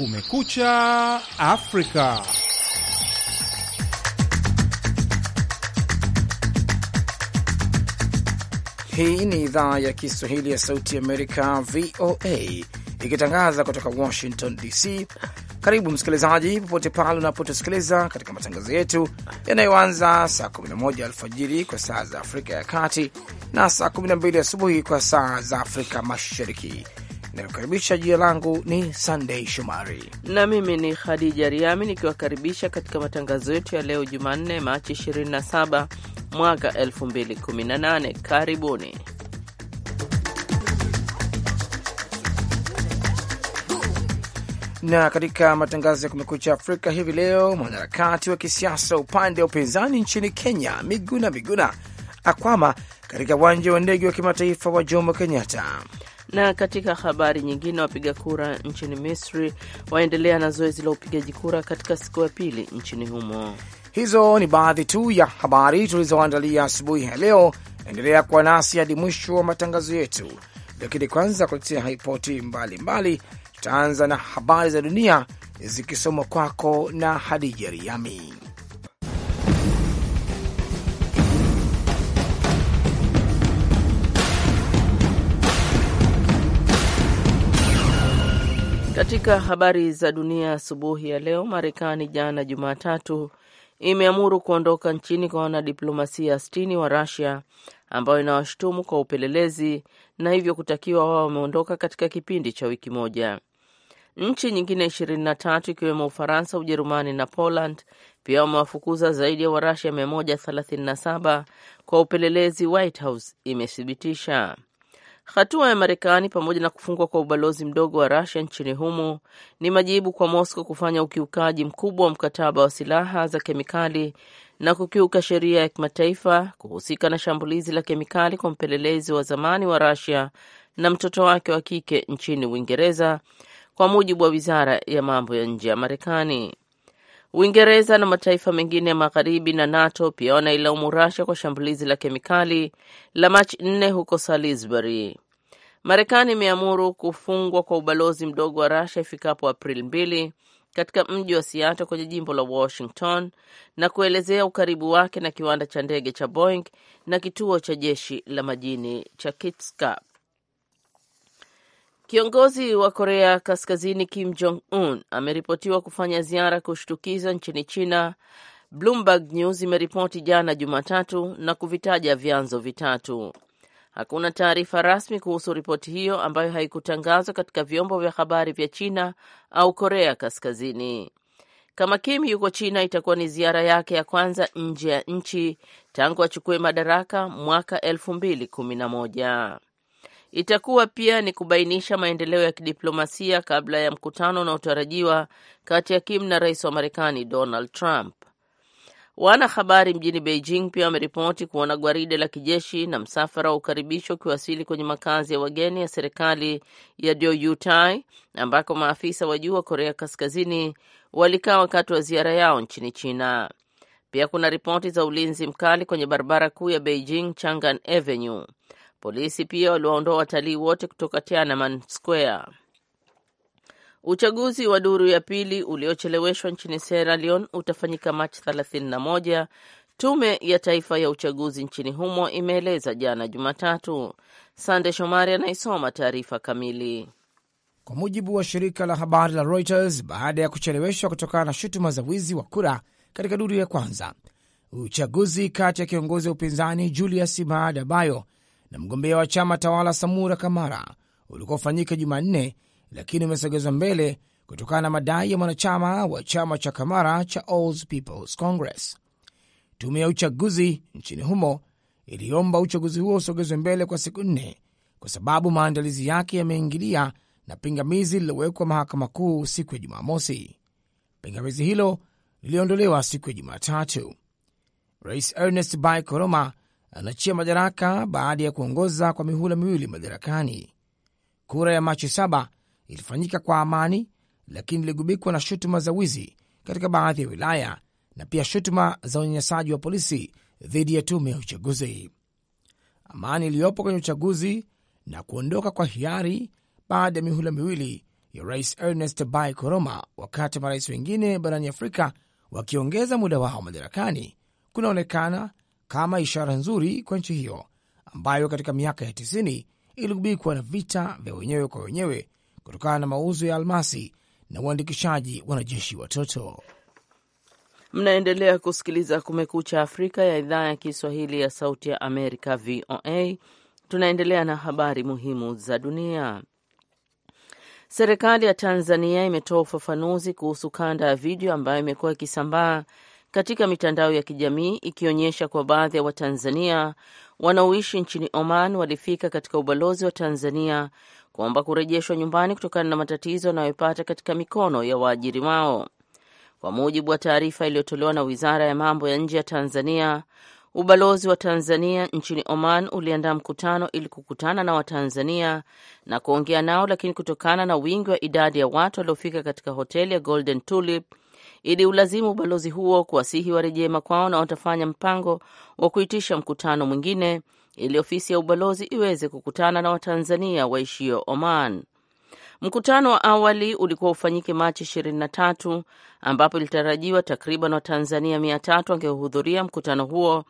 Kumekucha Afrika. Hii ni idhaa ya Kiswahili ya Sauti Amerika, VOA, ikitangaza kutoka Washington DC. Karibu msikilizaji, popote pale unapotusikiliza katika matangazo yetu yanayoanza saa 11 alfajiri kwa saa za Afrika ya Kati na saa 12 asubuhi kwa saa za Afrika Mashariki inayokaribisha. Jina langu ni Sandei Shomari na mimi ni Khadija Riami nikiwakaribisha katika matangazo yetu ya leo Jumanne, Machi 27 mwaka 2018. Karibuni. na katika matangazo ya Kumekucha Afrika hivi leo, mwanaharakati wa kisiasa upande wa upinzani nchini Kenya, Miguna Miguna akwama katika uwanja wa ndege wa kimataifa wa Jomo Kenyatta. Na katika habari nyingine, wapiga kura nchini Misri waendelea na zoezi la upigaji kura katika siku ya pili nchini humo. Hizo ni baadhi tu ya habari tulizoandalia asubuhi ya leo. Endelea kuwa nasi hadi mwisho wa matangazo yetu, lakini kwanza kuletea ripoti mbalimbali. Tutaanza na habari za dunia zikisomwa kwako na Hadija Riami. Katika habari za dunia asubuhi ya leo, Marekani jana Jumatatu imeamuru kuondoka nchini kwa wanadiplomasia 60 wa Rusia ambayo inawashutumu kwa upelelezi na hivyo kutakiwa wao wameondoka katika kipindi cha wiki moja. Nchi nyingine 23 ikiwemo Ufaransa, Ujerumani na Poland pia wamewafukuza zaidi ya Warusia 137 kwa upelelezi, White House imethibitisha. Hatua ya Marekani pamoja na kufungwa kwa ubalozi mdogo wa rasia nchini humo ni majibu kwa Moscow kufanya ukiukaji mkubwa wa mkataba wa silaha za kemikali na kukiuka sheria ya kimataifa, kuhusika na shambulizi la kemikali kwa mpelelezi wa zamani wa rasia na mtoto wake wa kike nchini Uingereza, kwa mujibu wa wizara ya mambo ya nje ya Marekani. Uingereza na mataifa mengine ya magharibi na NATO pia wanailaumu Russia kwa shambulizi la kemikali la Machi nne huko Salisbury. Marekani imeamuru kufungwa kwa ubalozi mdogo wa Russia ifikapo Aprili mbili katika mji wa Seattle kwenye jimbo la Washington na kuelezea ukaribu wake na kiwanda cha ndege cha Boeing na kituo cha jeshi la majini cha Kitska. Kiongozi wa Korea Kaskazini Kim Jong Un ameripotiwa kufanya ziara kushtukiza nchini China, Bloomberg News imeripoti jana Jumatatu na kuvitaja vyanzo vitatu. Hakuna taarifa rasmi kuhusu ripoti hiyo ambayo haikutangazwa katika vyombo vya habari vya China au Korea Kaskazini. Kama Kim yuko China, itakuwa ni ziara yake ya kwanza nje ya nchi tangu achukue madaraka mwaka elfu mbili kumi na moja itakuwa pia ni kubainisha maendeleo ya kidiplomasia kabla ya mkutano unaotarajiwa kati ya Kim na rais wa Marekani Donald Trump. Wanahabari mjini Beijing pia wameripoti kuona gwaride la kijeshi na msafara wa ukaribisho ukiwasili kwenye makazi ya wageni ya serikali ya doutai ambako maafisa wa juu wa Korea Kaskazini walikaa wakati wa ziara yao nchini China. Pia kuna ripoti za ulinzi mkali kwenye barabara kuu ya Beijing Chang'an Avenue. Polisi pia waliwaondoa watalii wote kutoka Tiananmen Square. Uchaguzi wa duru ya pili uliocheleweshwa nchini Sierra Leone utafanyika Machi 31, tume ya taifa ya uchaguzi nchini humo imeeleza jana Jumatatu. Sande Shomari anaisoma taarifa kamili. Kwa mujibu wa shirika la habari la Reuters, baada ya kucheleweshwa kutokana na shutuma za wizi wa kura katika duru ya kwanza, uchaguzi kati ya kiongozi wa upinzani Julius Maada na mgombea wa chama tawala Samura Kamara ulikuwa ufanyike Jumanne, lakini umesogezwa mbele kutokana na madai ya mwanachama wa chama cha Kamara cha All People's Congress. Tume ya uchaguzi nchini humo iliomba uchaguzi huo usogezwe mbele kwa siku nne kwa sababu maandalizi yake yameingilia na pingamizi lililowekwa mahakama kuu siku ya Jumamosi. Pingamizi hilo liliondolewa siku ya Jumatatu. Rais Ernest Bai Koroma anachia madaraka baada ya kuongoza kwa mihula miwili madarakani. Kura ya Machi saba ilifanyika kwa amani, lakini iligubikwa na shutuma za wizi katika baadhi ya wilaya na pia shutuma za unyanyasaji wa polisi dhidi ya tume ya uchaguzi. Amani iliyopo kwenye uchaguzi na kuondoka kwa hiari baada ya mihula miwili ya Rais Ernest Bai Koroma, wakati marais wengine barani Afrika wakiongeza muda wao madarakani, kunaonekana kama ishara nzuri kwa nchi hiyo ambayo katika miaka ya 90 iligubikwa na vita vya wenyewe kwa wenyewe kutokana na mauzo ya almasi na uandikishaji wanajeshi watoto. Mnaendelea kusikiliza Kumekucha Afrika ya idhaa ya Kiswahili ya Sauti ya Amerika, VOA. Tunaendelea na habari muhimu za dunia. Serikali ya Tanzania imetoa ufafanuzi kuhusu kanda ya video ambayo imekuwa ikisambaa katika mitandao ya kijamii ikionyesha kwa baadhi ya Watanzania wanaoishi nchini Oman walifika katika ubalozi wa Tanzania kuomba kurejeshwa nyumbani kutokana na matatizo wanayopata katika mikono ya waajiri wao. Kwa mujibu wa taarifa iliyotolewa na Wizara ya Mambo ya Nje ya Tanzania, Ubalozi wa Tanzania nchini Oman uliandaa mkutano ili kukutana na Watanzania na kuongea nao, lakini kutokana na wingi wa idadi ya watu waliofika katika hoteli ya Golden Tulip ili ulazimu ubalozi huo kuwasihi warejee makwao na watafanya mpango wa kuitisha mkutano mwingine ili ofisi ya ubalozi iweze kukutana na Watanzania waishio Oman. Mkutano wa awali ulikuwa ufanyike Machi 23 ambapo ilitarajiwa takriban Watanzania 300 wangehudhuria mkutano huo,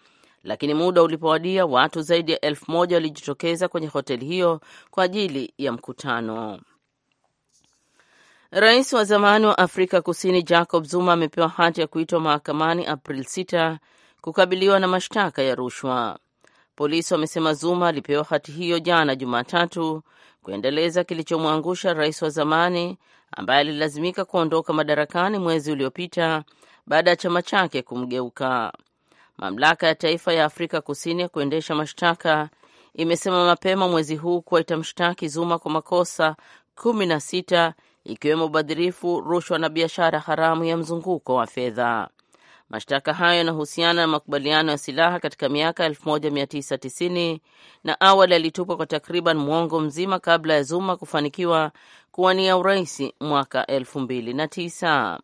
lakini muda ulipowadia watu zaidi ya elfu moja walijitokeza kwenye hoteli hiyo kwa ajili ya mkutano. Rais wa zamani wa Afrika Kusini Jacob Zuma amepewa hati ya kuitwa mahakamani April 6 kukabiliwa na mashtaka ya rushwa. Polisi wamesema Zuma alipewa hati hiyo jana Jumatatu kuendeleza kilichomwangusha rais wa zamani ambaye alilazimika kuondoka madarakani mwezi uliopita baada ya chama chake kumgeuka. Mamlaka ya Taifa ya Afrika Kusini ya kuendesha mashtaka imesema mapema mwezi huu kuwa itamshtaki Zuma kwa makosa kumi na sita ikiwemo ubadhirifu, rushwa na biashara haramu ya mzunguko wa fedha. Mashtaka hayo yanahusiana na makubaliano ya silaha katika miaka 1990 na awali yalitupwa kwa takriban mwongo mzima kabla ya Zuma kufanikiwa kuwania urais mwaka 2009.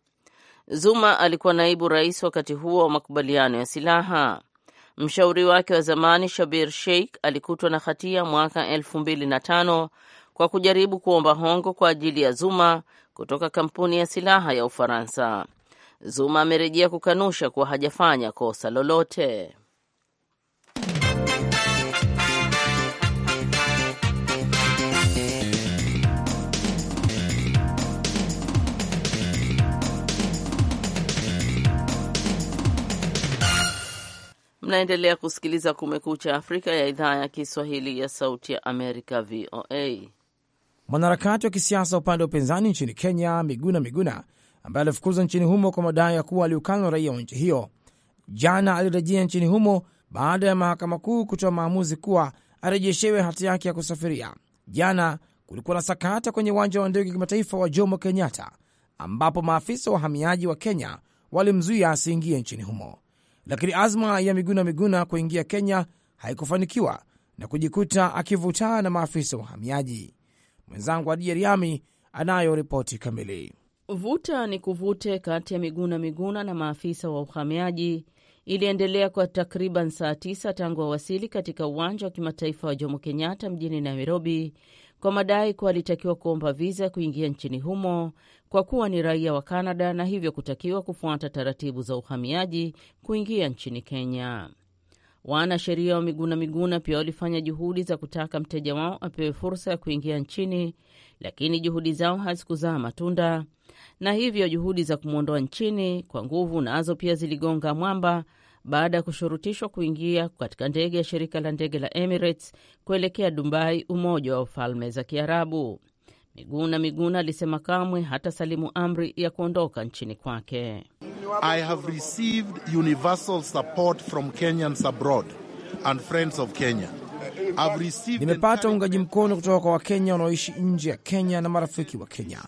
Zuma alikuwa naibu rais wakati huo wa makubaliano ya silaha. Mshauri wake wa zamani Shabir Sheikh alikutwa na hatia mwaka 2005 kwa kujaribu kuomba hongo kwa ajili ya Zuma kutoka kampuni ya silaha ya Ufaransa. Zuma amerejea kukanusha kuwa hajafanya kosa lolote. Mnaendelea kusikiliza Kumekucha Afrika ya idhaa ya Kiswahili ya Sauti ya Amerika, VOA. Mwanaharakati wa kisiasa upande wa upinzani nchini Kenya, Miguna Miguna, ambaye alifukuzwa nchini humo kwa madai ya kuwa aliukanwa raia wa nchi hiyo, jana alirejea nchini humo baada ya mahakama kuu kutoa maamuzi kuwa arejeshewe hati yake ya kusafiria. Jana kulikuwa na sakata kwenye uwanja wa ndege kimataifa wa Jomo Kenyatta, ambapo maafisa wa uhamiaji wa Kenya walimzuia asiingie nchini humo, lakini azma ya Miguna Miguna kuingia Kenya haikufanikiwa na kujikuta akivutana na maafisa wa uhamiaji. Mwenzangu Adia Riami anayo ripoti kamili. Vuta ni kuvute kati ya Miguna Miguna na maafisa wa uhamiaji iliendelea kwa takriban saa tisa tangu wawasili katika uwanja wa kimataifa wa Jomo Kenyatta mjini Nairobi kwa madai kuwa alitakiwa kuomba viza ya kuingia nchini humo kwa kuwa ni raia wa Kanada na hivyo kutakiwa kufuata taratibu za uhamiaji kuingia nchini Kenya. Wanasheria wa Miguna Miguna pia walifanya juhudi za kutaka mteja wao apewe fursa ya kuingia nchini, lakini juhudi zao hazikuzaa matunda, na hivyo juhudi za kumwondoa nchini kwa nguvu nazo pia ziligonga mwamba baada ya kushurutishwa kuingia katika ndege ya shirika la ndege la Emirates kuelekea Dubai, Umoja wa Falme za Kiarabu. Miguna Miguna alisema kamwe hata salimu amri ya kuondoka nchini kwake. I have received universal support from Kenyans abroad and friends of Kenya. nimepata uungaji mkono kutoka kwa Wakenya wanaoishi nje ya Kenya na marafiki wa Kenya.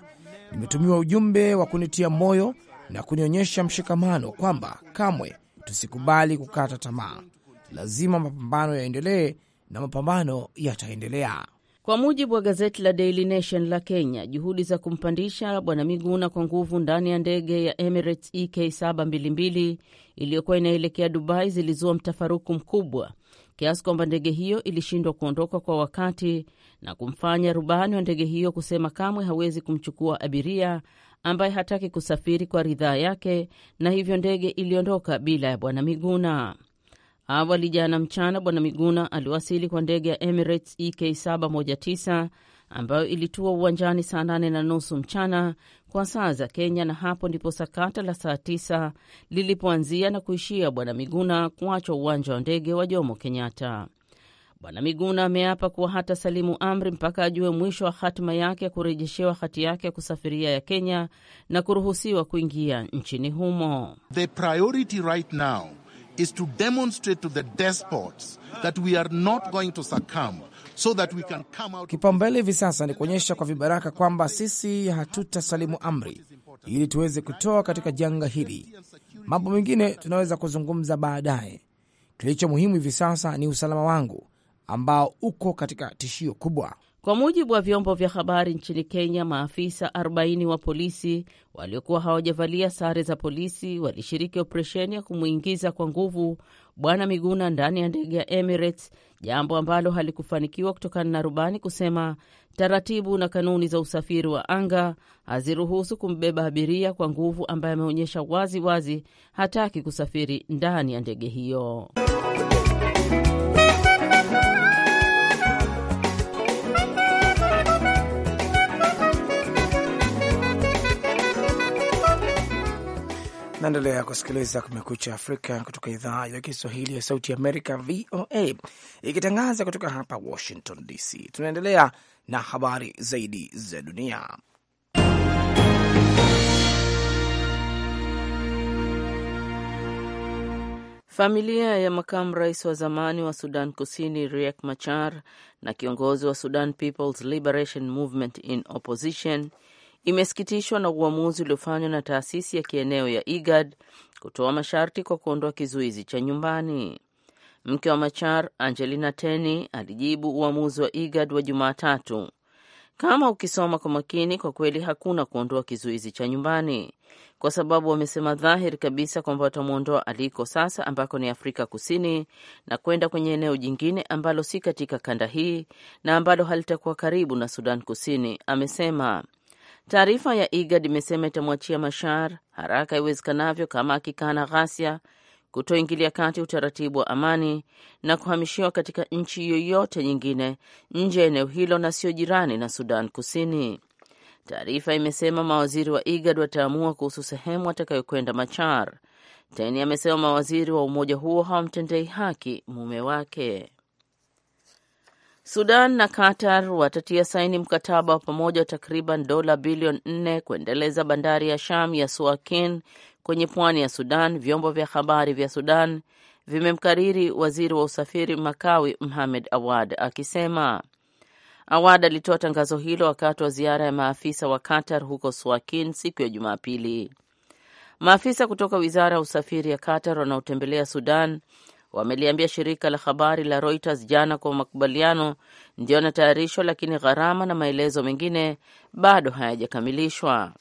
Nimetumiwa ujumbe wa kunitia moyo na kunionyesha mshikamano kwamba kamwe tusikubali kukata tamaa, lazima mapambano yaendelee na mapambano yataendelea. Kwa mujibu wa gazeti la Daily Nation la Kenya, juhudi za kumpandisha Bwana Miguna kwa nguvu ndani ya ndege ya Emirates EK722 iliyokuwa inaelekea Dubai zilizua mtafaruku mkubwa kiasi kwamba ndege hiyo ilishindwa kuondoka kwa wakati na kumfanya rubani wa ndege hiyo kusema kamwe hawezi kumchukua abiria ambaye hataki kusafiri kwa ridhaa yake, na hivyo ndege iliondoka bila ya Bwana Miguna. Awali jana mchana, Bwana Miguna aliwasili kwa ndege ya Emirates EK 719 ambayo ilitua uwanjani saa nane na nusu mchana kwa saa za Kenya, na hapo ndipo sakata la saa tisa lilipoanzia na kuishia Bwana Miguna kuachwa uwanja wa ndege wa Jomo Kenyatta. Bwana Miguna ameapa kuwa hata salimu amri mpaka ajue mwisho wa hatima yake ya kurejeshewa hati yake ya kusafiria ya Kenya na kuruhusiwa kuingia nchini humo. The priority right now is to demonstrate to the despots that we are not going to succumb so that we can come out. Kipaumbele hivi sasa ni kuonyesha kwa vibaraka kwamba sisi hatutasalimu amri ili tuweze kutoa katika janga hili. Mambo mengine tunaweza kuzungumza baadaye. Kilicho muhimu hivi sasa ni usalama wangu ambao uko katika tishio kubwa. Kwa mujibu wa vyombo vya habari nchini Kenya, maafisa 40 wa polisi waliokuwa hawajavalia sare za polisi walishiriki operesheni ya kumwingiza kwa nguvu Bwana Miguna ndani ya ndege ya Emirates, jambo ambalo halikufanikiwa kutokana na rubani kusema taratibu na kanuni za usafiri wa anga haziruhusu kumbeba abiria kwa nguvu ambaye ameonyesha wazi wazi hataki kusafiri ndani ya ndege hiyo. Naendelea kusikiliza Kumekucha Afrika kutoka idhaa ya Kiswahili ya Sauti Amerika, VOA, ikitangaza kutoka hapa Washington DC. Tunaendelea na habari zaidi za dunia. Familia ya makamu rais wa zamani wa Sudan Kusini Riek Machar na kiongozi wa Sudan People's Liberation Movement in Opposition imesikitishwa na uamuzi uliofanywa na taasisi ya kieneo ya IGAD kutoa masharti kwa kuondoa kizuizi cha nyumbani. Mke wa Machar, Angelina Teny, alijibu uamuzi wa IGAD wa Jumatatu. Kama ukisoma kwa makini, kwa kweli hakuna kuondoa kizuizi cha nyumbani, kwa sababu wamesema dhahiri kabisa kwamba watamwondoa aliko sasa, ambako ni Afrika Kusini, na kwenda kwenye eneo jingine ambalo si katika kanda hii na ambalo halitakuwa karibu na Sudan Kusini, amesema. Taarifa ya IGAD imesema itamwachia Mashar haraka iwezekanavyo kama akikana ghasia, kutoingilia kati utaratibu wa amani na kuhamishiwa katika nchi yoyote nyingine nje ya eneo hilo na sio jirani na Sudan Kusini. Taarifa imesema mawaziri wa IGAD wataamua kuhusu sehemu watakayokwenda Machar. Teni amesema mawaziri wa umoja huo hawamtendei haki mume wake. Sudan na Qatar watatia saini mkataba wa pamoja wa takriban dola bilioni nne kuendeleza bandari ya Sham ya Suakin kwenye pwani ya Sudan. Vyombo vya habari vya Sudan vimemkariri waziri wa usafiri Makawi Mohamed Awad akisema Awad alitoa tangazo hilo wakati wa ziara ya maafisa wa Qatar huko Suakin siku ya Jumapili. Maafisa kutoka wizara ya usafiri ya Qatar wanaotembelea Sudan wameliambia shirika la habari la Reuters jana kwa makubaliano ndio yanatayarishwa, lakini gharama na maelezo mengine bado hayajakamilishwa.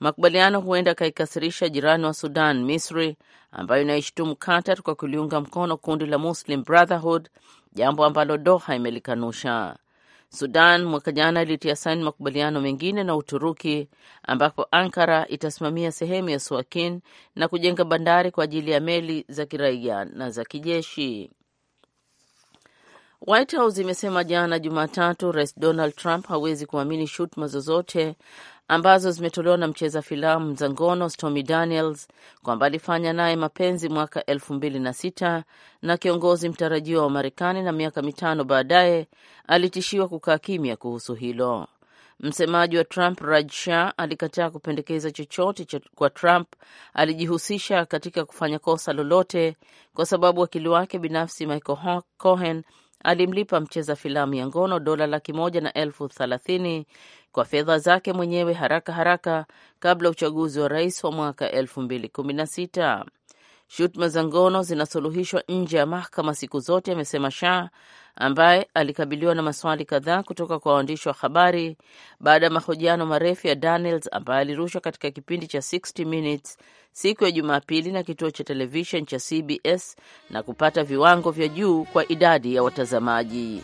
Makubaliano huenda akaikasirisha jirani wa Sudan, Misri, ambayo inaishtumu Qatar kwa kuliunga mkono kundi la Muslim Brotherhood, jambo ambalo Doha imelikanusha. Sudan mwaka jana ilitia saini makubaliano mengine na Uturuki ambapo Ankara itasimamia sehemu ya Suakin na kujenga bandari kwa ajili ya meli za kiraia na za kijeshi. White House imesema jana Jumatatu, Rais Donald Trump hawezi kuamini shutuma zozote ambazo zimetolewa na mcheza filamu za ngono Stormy Daniels kwamba alifanya naye mapenzi mwaka elfu mbili na sita na kiongozi mtarajiwa wa Marekani, na miaka mitano baadaye alitishiwa kukaa kimya kuhusu hilo. Msemaji wa Trump Raj Shah alikataa kupendekeza chochote kwa Trump alijihusisha katika kufanya kosa lolote, kwa sababu wakili wake binafsi Michael Cohen alimlipa mcheza filamu ya ngono dola laki moja na elfu thelathini kwa fedha zake mwenyewe haraka haraka kabla uchaguzi wa rais wa mwaka elfu mbili kumi na sita. Shutuma za ngono zinasuluhishwa nje ya mahakama siku zote, amesema Shah ambaye alikabiliwa na maswali kadhaa kutoka kwa waandishi wa habari baada ya mahojiano marefu ya Daniels ambaye alirushwa katika kipindi cha 60 Minutes siku ya Jumapili na kituo cha televishen cha CBS na kupata viwango vya juu kwa idadi ya watazamaji.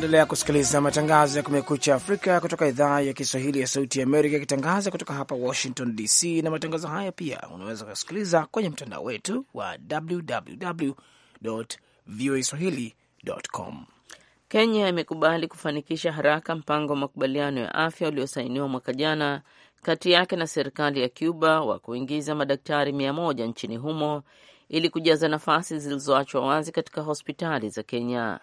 Unaendelea kusikiliza matangazo ya Kumekucha Afrika kutoka idhaa ya Kiswahili ya Sauti ya Amerika ikitangaza kutoka hapa Washington DC, na matangazo haya pia unaweza kusikiliza kwenye mtandao wetu wa www voa swahili.com. Kenya imekubali kufanikisha haraka mpango wa makubaliano ya afya uliosainiwa mwaka jana kati yake na serikali ya Cuba wa kuingiza madaktari mia moja nchini humo ili kujaza nafasi zilizoachwa wazi katika hospitali za Kenya.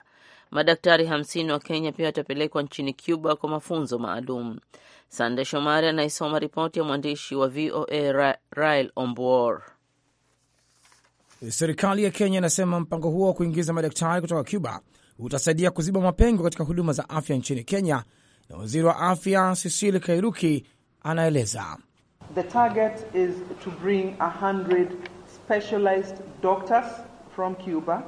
Madaktari hamsini wa Kenya pia watapelekwa nchini Cuba kwa mafunzo maalum. Sande Shomari anayesoma ripoti ya mwandishi wa VOA Rael Ombor. Serikali ya Kenya inasema mpango huo wa kuingiza madaktari kutoka Cuba utasaidia kuziba mapengo katika huduma za afya nchini Kenya, na waziri wa afya Sisili Kairuki anaeleza The target is to bring 100 specialized doctors from Cuba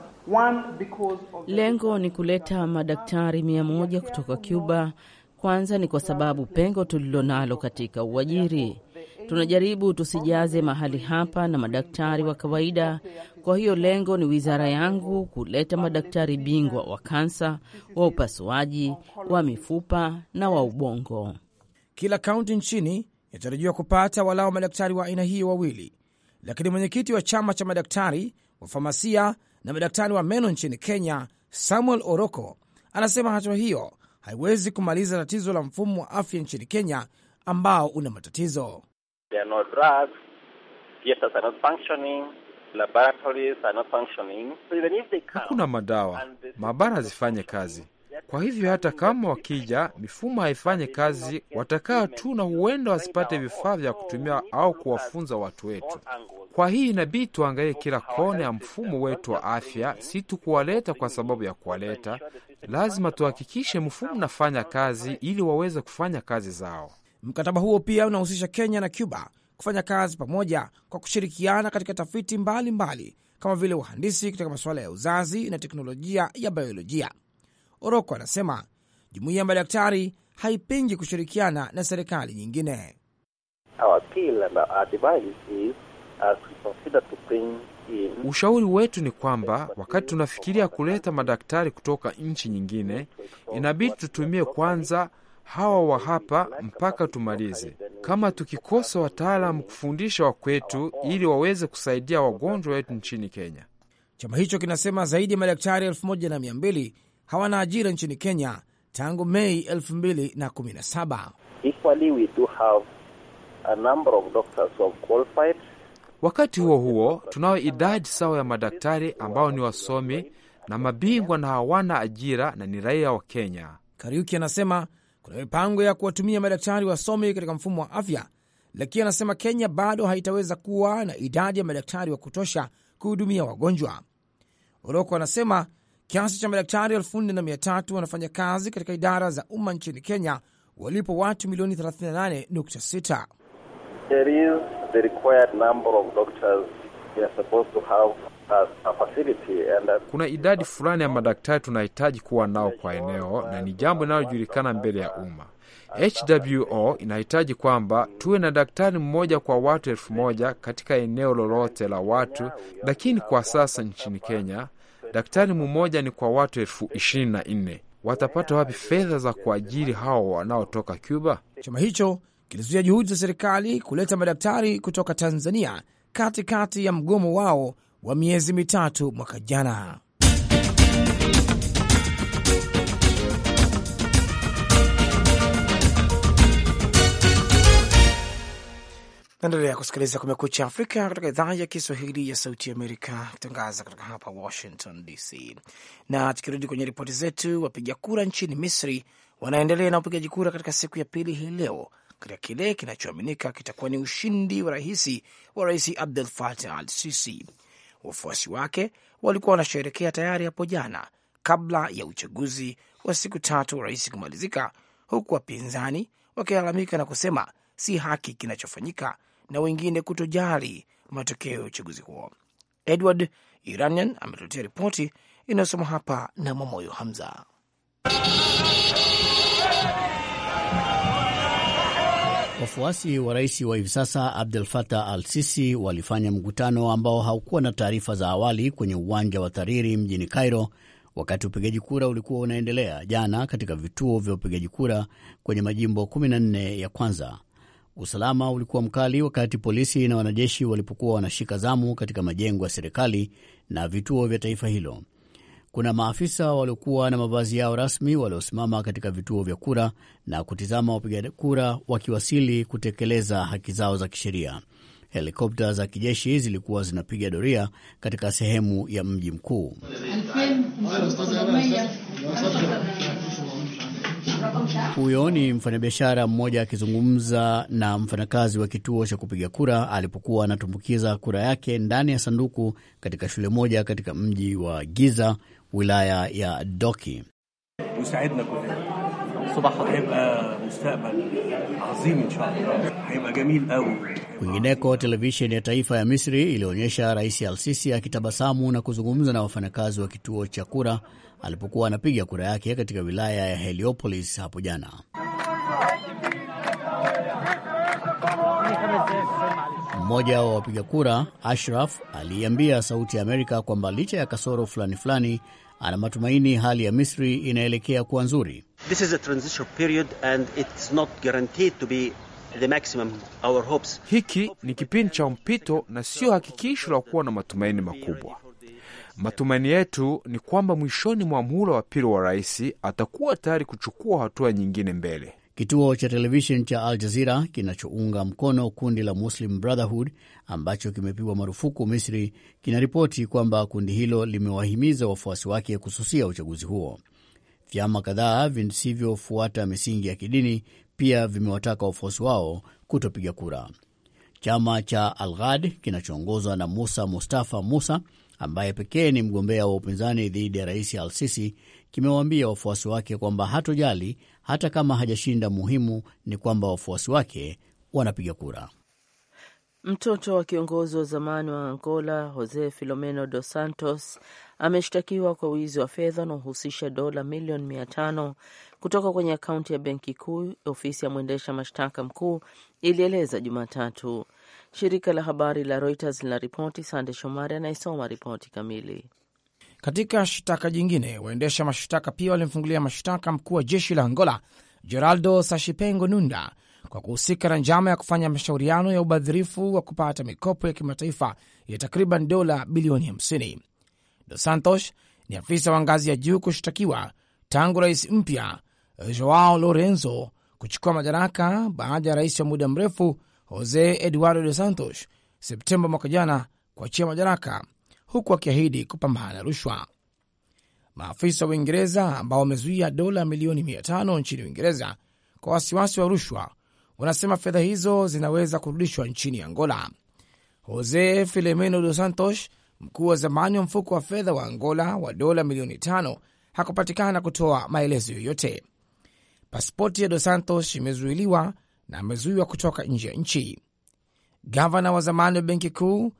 Lengo ni kuleta madaktari mia moja kutoka Cuba. Kwanza ni kwa sababu pengo tulilonalo katika uajiri, tunajaribu tusijaze mahali hapa na madaktari wa kawaida. Kwa hiyo lengo ni wizara yangu kuleta madaktari bingwa wa kansa, wa upasuaji, wa mifupa na wa ubongo. Kila kaunti nchini inatarajiwa kupata walao madaktari wa aina hiyo wawili, lakini mwenyekiti wa chama cha madaktari wa famasia na madaktari wa meno nchini Kenya, Samuel Oroko, anasema hatua hiyo haiwezi kumaliza tatizo la mfumo wa afya nchini Kenya ambao una matatizo. Hakuna madawa, maabara hazifanye kazi. Kwa hivyo hata kama wakija, mifumo haifanye kazi, watakaa tu na huenda wasipate vifaa vya kutumia au kuwafunza watu wetu. Kwa hii inabidi tuangalie kila kona ya mfumo wetu wa afya, si tu kuwaleta kwa sababu ya kuwaleta. Lazima tuhakikishe mfumo unafanya kazi ili waweze kufanya kazi zao. Mkataba huo pia unahusisha Kenya na Cuba kufanya kazi pamoja kwa kushirikiana katika tafiti mbalimbali mbali, kama vile uhandisi katika masuala ya uzazi na teknolojia ya biolojia. Oroko anasema jumuiya ya madaktari haipingi kushirikiana na serikali nyingine. Our Ushauri wetu ni kwamba wakati tunafikiria kuleta madaktari kutoka nchi nyingine, inabidi tutumie kwanza hawa wa hapa mpaka tumalize. Kama tukikosa wataalamu kufundisha wakwetu, ili waweze kusaidia wagonjwa wetu nchini Kenya. Chama hicho kinasema zaidi ya madaktari elfu moja na mia mbili hawana ajira nchini Kenya tangu Mei 2017. Wakati huo huo, tunayo idadi sawa ya madaktari ambao ni wasomi na mabingwa na hawana ajira na ni raia wa Kenya. Kariuki anasema kuna mipango ya kuwatumia madaktari wasomi katika mfumo wa afya, lakini anasema Kenya bado haitaweza kuwa na idadi ya madaktari wa kutosha kuhudumia wagonjwa. Oroko anasema kiasi cha madaktari elfu nne na mia tatu wanafanya kazi katika idara za umma nchini Kenya, walipo watu milioni 38.6. There is the required number of doctors we are supposed to have kuna idadi fulani ya madaktari tunahitaji kuwa nao kwa eneo na ni jambo linalojulikana mbele ya umma. HWO inahitaji kwamba tuwe na daktari mmoja kwa watu elfu moja katika eneo lolote la watu, lakini kwa sasa nchini Kenya daktari mmoja ni kwa watu elfu ishirini na nne. Watapata wapi fedha za kuajiri hao wanaotoka Cuba? Chama hicho kilizuia juhudi za serikali kuleta madaktari kutoka Tanzania katikati kati ya mgomo wao wa miezi mitatu mwaka jana. Naendelea kusikiliza Kumekucha Afrika kutoka idhaa ya Kiswahili ya Sauti ya Amerika, kitangaza kutoka hapa Washington DC. Na tukirudi kwenye ripoti zetu, wapiga kura nchini Misri wanaendelea na upigaji kura katika siku ya pili hii leo katika kile kinachoaminika kitakuwa ni ushindi wa rahisi wa Rais Abdel Fattah al Sisi. Wafuasi wake walikuwa wanasherekea tayari hapo jana kabla ya uchaguzi wa siku tatu wa rais kumalizika, huku wapinzani wakilalamika na kusema si haki kinachofanyika na wengine kutojali matokeo ya uchaguzi huo. Edward Iranian ametuletea ripoti inayosoma hapa na Mwamoyo Hamza. Wafuasi wa rais wa hivi sasa Abdel Fattah al Sisi walifanya mkutano ambao haukuwa na taarifa za awali kwenye uwanja wa Tariri mjini Cairo, wakati upigaji kura ulikuwa unaendelea jana katika vituo vya upigaji kura kwenye majimbo 14 ya kwanza. Usalama ulikuwa mkali wakati polisi na wanajeshi walipokuwa wanashika zamu katika majengo ya serikali na vituo vya taifa hilo. Kuna maafisa waliokuwa na mavazi yao rasmi waliosimama katika vituo vya kura na kutizama wapiga kura wakiwasili kutekeleza haki zao za kisheria. Helikopta za kijeshi zilikuwa zinapiga doria katika sehemu ya mji mkuu huyo ni mfanyabiashara mmoja akizungumza na mfanyakazi wa kituo cha kupiga kura alipokuwa anatumbukiza kura yake ndani ya sanduku katika shule moja katika mji wa Giza, wilaya ya Doki. Ah, Kwingineko, televisheni ya taifa ya Misri ilionyesha Rais Al-Sisi akitabasamu na kuzungumza na wafanyakazi wa kituo cha kura alipokuwa anapiga kura yake katika wilaya ya Heliopolis hapo jana. Mmoja wa wapiga kura, Ashraf, aliiambia Sauti ya Amerika kwamba licha ya kasoro fulani fulani, ana matumaini hali ya Misri inaelekea kuwa nzuri. Hiki ni kipindi cha mpito na sio hakikisho la kuwa na matumaini makubwa. Matumaini yetu ni kwamba mwishoni mwa mhula wa pili wa rais atakuwa tayari kuchukua hatua nyingine mbele. Kituo cha televisheni cha Al Jazira kinachounga mkono kundi la Muslim Brotherhood ambacho kimepigwa marufuku Misri kinaripoti kwamba kundi hilo limewahimiza wafuasi wake kususia uchaguzi huo. Vyama kadhaa visivyofuata misingi ya kidini pia vimewataka wafuasi wao kutopiga kura. Chama cha Al Ghad kinachoongozwa na Musa Mustafa Musa ambaye pekee ni mgombea wa upinzani dhidi ya rais Al-Sisi kimewaambia wafuasi wake kwamba hatojali hata kama hajashinda, muhimu ni kwamba wafuasi wake wanapiga kura. Mtoto wa kiongozi wa zamani wa Angola Jose Filomeno dos Santos ameshtakiwa kwa wizi wa fedha unaohusisha dola milioni mia tano kutoka kwenye akaunti ya benki kuu, ofisi ya mwendesha mashtaka mkuu ilieleza Jumatatu. Shirika la habari la Reuters linaripoti. Sande Shomari anayesoma ripoti kamili. Katika shtaka jingine, waendesha mashtaka pia walimfungulia mashtaka mkuu wa jeshi la Angola Geraldo Sashipengo Nunda kwa kuhusika na njama ya kufanya mashauriano ya ubadhirifu wa kupata mikopo ya kimataifa ya takriban dola bilioni 50. Dos Santos ni afisa wa ngazi ya juu kushtakiwa tangu rais mpya Joao Lorenzo kuchukua madaraka baada ya rais wa muda mrefu Jose Eduardo Dos Santos Septemba mwaka jana kuachia madaraka huku akiahidi kupambana na rushwa. Maafisa wa Uingereza ambao wamezuia dola milioni mia tano nchini Uingereza kwa wasiwasi wa rushwa wanasema fedha hizo zinaweza kurudishwa nchini Angola. Jose Filemeno Dos Santos, mkuu wa zamani wa mfuko wa fedha wa Angola wa dola milioni tano, hakupatikana kutoa maelezo yoyote. Pasipoti ya Dos Santos imezuiliwa na amezuiwa kutoka nje ya nchi. Gavana wa zamani wa benki kuu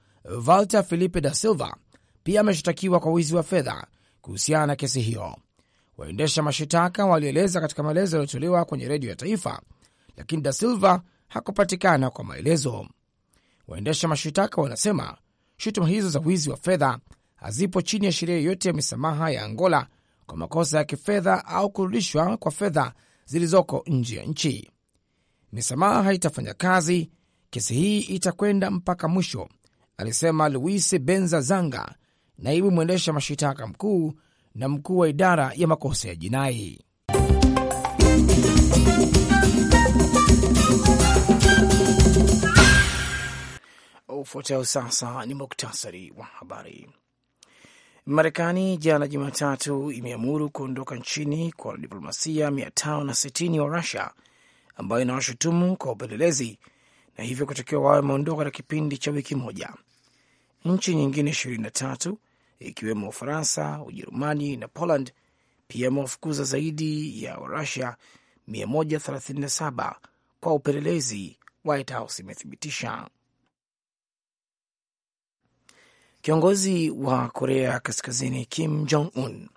Walter Filipe da Silva pia ameshtakiwa kwa wizi wa fedha. Kuhusiana na kesi hiyo, waendesha mashitaka walieleza katika maelezo yaliyotolewa kwenye redio ya taifa, lakini da Silva hakupatikana kwa maelezo. Waendesha mashitaka wanasema shutuma hizo za wizi wa fedha hazipo chini ya sheria yoyote ya misamaha ya Angola kwa makosa ya kifedha au kurudishwa kwa fedha zilizoko nje ya nchi misamaha haitafanya kazi, kesi hii itakwenda mpaka mwisho, alisema Luis Benza Zanga, naibu mwendesha mashitaka mkuu na mkuu wa idara ya makosa ya jinai. Ufuatao sasa ni muktasari wa habari. Marekani jana Jumatatu imeamuru kuondoka nchini kwa wanadiplomasia 560 wa Rusia ambayo inawashutumu kwa upelelezi na hivyo kutokiwa wawe wameondoka katika kipindi cha wiki moja. Nchi nyingine ishirini na tatu ikiwemo Ufaransa, Ujerumani na Poland pia amewafukuza zaidi ya Warusia 137 kwa upelelezi, White House imethibitisha. Kiongozi wa Korea Kaskazini Kim Jong Un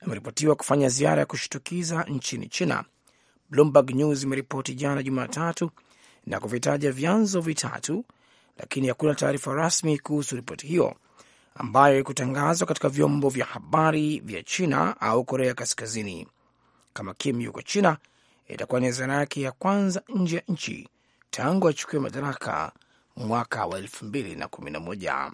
ameripotiwa kufanya ziara ya kushtukiza nchini China Bloomberg News imeripoti jana Jumatatu na kuvitaja vyanzo vitatu, lakini hakuna taarifa rasmi kuhusu ripoti hiyo ambayo ikutangazwa katika vyombo vya habari vya China au Korea Kaskazini. Kama Kim yuko China, itakuwa ni ziara yake ya kwanza nje ya nchi tangu achukue madaraka mwaka wa 2011.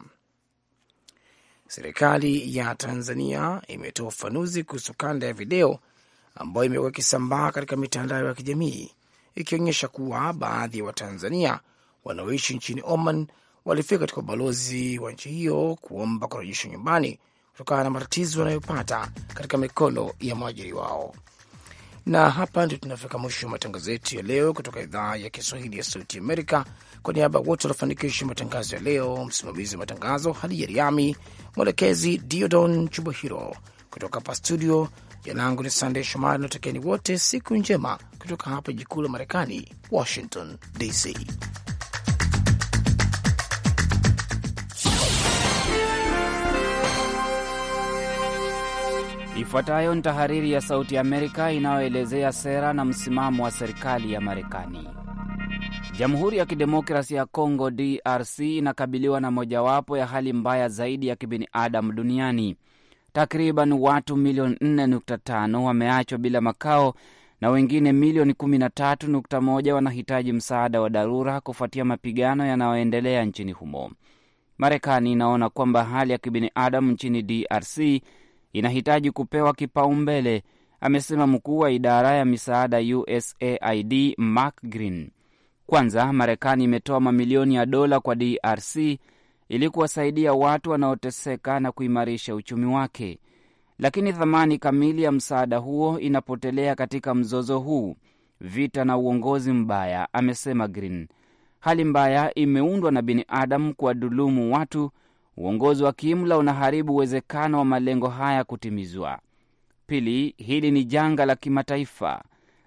Serikali ya Tanzania imetoa ufafanuzi kuhusu kanda ya video ambayo imekuwa ikisambaa katika mitandao ya kijamii ikionyesha kuwa baadhi ya wa Watanzania wanaoishi nchini Oman walifika katika ubalozi wa nchi hiyo kuomba kurejeshwa nyumbani kutokana na matatizo wanayopata katika mikono ya mwajiri wao. Na hapa ndio tunafika mwisho wa matangazo yetu ya leo kutoka idhaa ya Kiswahili ya Sauti Amerika. Kwa niaba ya wote waliofanikisha matangazo ya leo, msimamizi wa matangazo Hadija Riami, mwelekezi Diodon Chubahiro kutoka hapa studio. Jina langu ni Sandey Shomari, natakieni wote siku njema kutoka hapa jikuu la Marekani, Washington DC. Ifuatayo ni tahariri ya Sauti ya Amerika inayoelezea sera na msimamo wa serikali ya Marekani. Jamhuri ya Kidemokrasi ya Kongo, DRC, inakabiliwa na mojawapo ya hali mbaya zaidi ya kibinadamu duniani takriban watu milioni 4.5 wameachwa bila makao na wengine milioni 13.1 wanahitaji msaada wa dharura kufuatia mapigano yanayoendelea nchini humo. Marekani inaona kwamba hali ya kibinadamu nchini DRC inahitaji kupewa kipaumbele, amesema mkuu wa idara ya misaada USAID Mark Green. Kwanza, Marekani imetoa mamilioni ya dola kwa DRC ili kuwasaidia watu wanaoteseka na kuimarisha uchumi wake, lakini thamani kamili ya msaada huo inapotelea katika mzozo huu, vita na uongozi mbaya, amesema Green. Hali mbaya imeundwa na binadamu kuwadhulumu watu. Uongozi wa kiimla unaharibu uwezekano wa malengo haya kutimizwa. Pili, hili ni janga la kimataifa.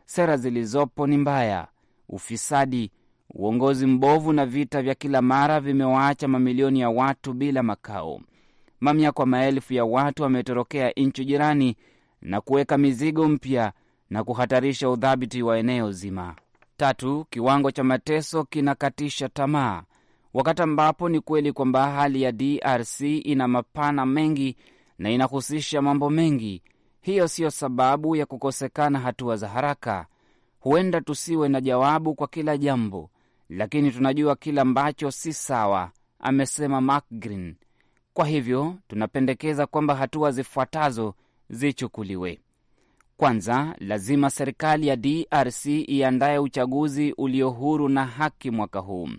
Sera zilizopo ni mbaya, ufisadi, Uongozi mbovu na vita vya kila mara vimewaacha mamilioni ya watu bila makao. Mamia kwa maelfu ya watu wametorokea nchi jirani na kuweka mizigo mpya na kuhatarisha udhabiti wa eneo zima. Tatu, kiwango cha mateso kinakatisha tamaa, wakati ambapo ni kweli kwamba hali ya DRC ina mapana mengi na inahusisha mambo mengi. Hiyo siyo sababu ya kukosekana hatua za haraka. Huenda tusiwe na jawabu kwa kila jambo, lakini tunajua kile ambacho si sawa, amesema Mark Green. Kwa hivyo tunapendekeza kwamba hatua zifuatazo zichukuliwe. Kwanza, lazima serikali ya DRC iandaye uchaguzi ulio huru na haki mwaka huu.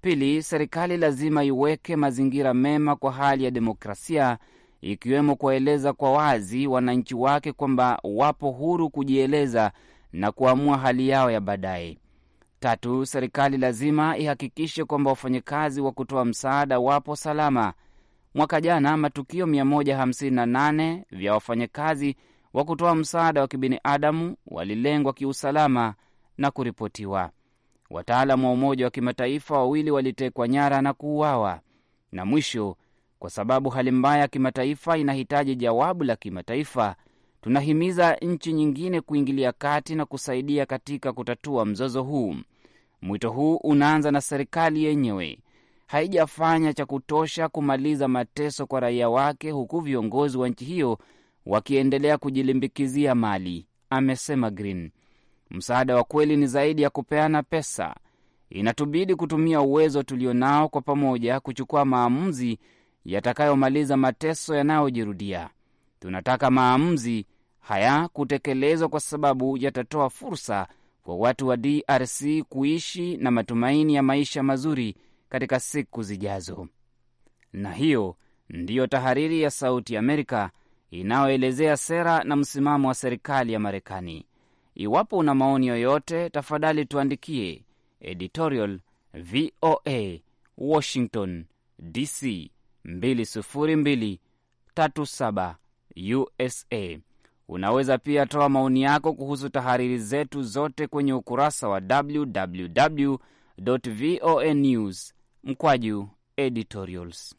Pili, serikali lazima iweke mazingira mema kwa hali ya demokrasia, ikiwemo kuwaeleza kwa wazi wananchi wake kwamba wapo huru kujieleza na kuamua hali yao ya baadaye. Tatu, serikali lazima ihakikishe kwamba wafanyakazi wa kutoa msaada wapo salama. Mwaka jana matukio 158 vya wafanyakazi wa kutoa msaada wa kibinadamu walilengwa kiusalama na kuripotiwa. wataalam wa Umoja wa Kimataifa wawili walitekwa nyara na kuuawa. Na mwisho, kwa sababu hali mbaya ya kimataifa inahitaji jawabu la kimataifa, tunahimiza nchi nyingine kuingilia kati na kusaidia katika kutatua mzozo huu. Mwito huu unaanza na serikali yenyewe. Haijafanya cha kutosha kumaliza mateso kwa raia wake, huku viongozi wa nchi hiyo wakiendelea kujilimbikizia mali, amesema Green. Msaada wa kweli ni zaidi ya kupeana pesa. Inatubidi kutumia uwezo tulio nao kwa pamoja kuchukua maamuzi yatakayomaliza mateso yanayojirudia. Tunataka maamuzi hayakutekelezwa kwa sababu yatatoa fursa kwa watu wa DRC kuishi na matumaini ya maisha mazuri katika siku zijazo. Na hiyo ndiyo tahariri ya Sauti ya Amerika inayoelezea sera na msimamo wa serikali ya Marekani. Iwapo una maoni yoyote, tafadhali tuandikie editorial VOA Washington DC 20237 USA. Unaweza pia toa maoni yako kuhusu tahariri zetu zote kwenye ukurasa wa www voa news mkwaju editorials